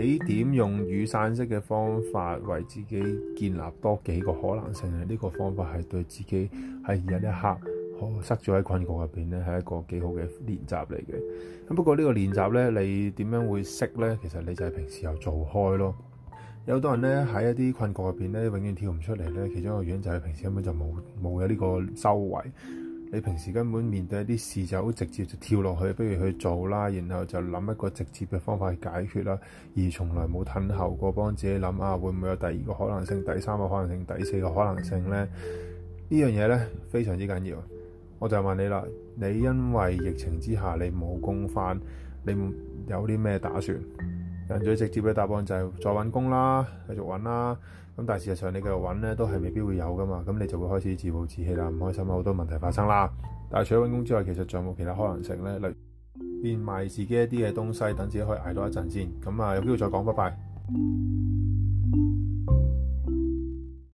幾點用雨傘式嘅方法為自己建立多幾個可能性咧？呢、呢個方法係對自己喺而一,一刻，哦、塞咗喺困局入邊咧，係一個幾好嘅練習嚟嘅。不過個呢個練習咧，你點樣會識咧？其實你就係平時又做開咯。有好多人咧喺一啲困局入邊咧，永遠跳唔出嚟咧。其中一個原因就係平時根本就冇冇有呢個修為。你平時根本面對一啲事就好直接，就跳落去，不如去做啦，然後就諗一個直接嘅方法去解決啦，而從來冇褪後過幫自己諗下會唔會有第二個可能性、第三個可能性、第四個可能性呢？呢樣嘢呢，非常之緊要。我就問你啦，你因為疫情之下你冇工返，你有啲咩打算？最直接嘅答案就係再揾工啦，繼續揾啦。咁但係事實上你繼續揾呢都係未必會有噶嘛。咁你就會開始自暴自棄啦，唔開心，好多問題發生啦。但係除咗揾工之外，其實仲有冇其他可能性呢？例如變賣自己一啲嘅東西，等自己可以捱多一陣先。咁啊，有機會再講，拜拜。